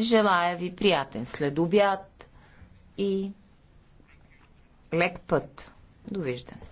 Желая ви приятен следобяд и лек път. Довиждане.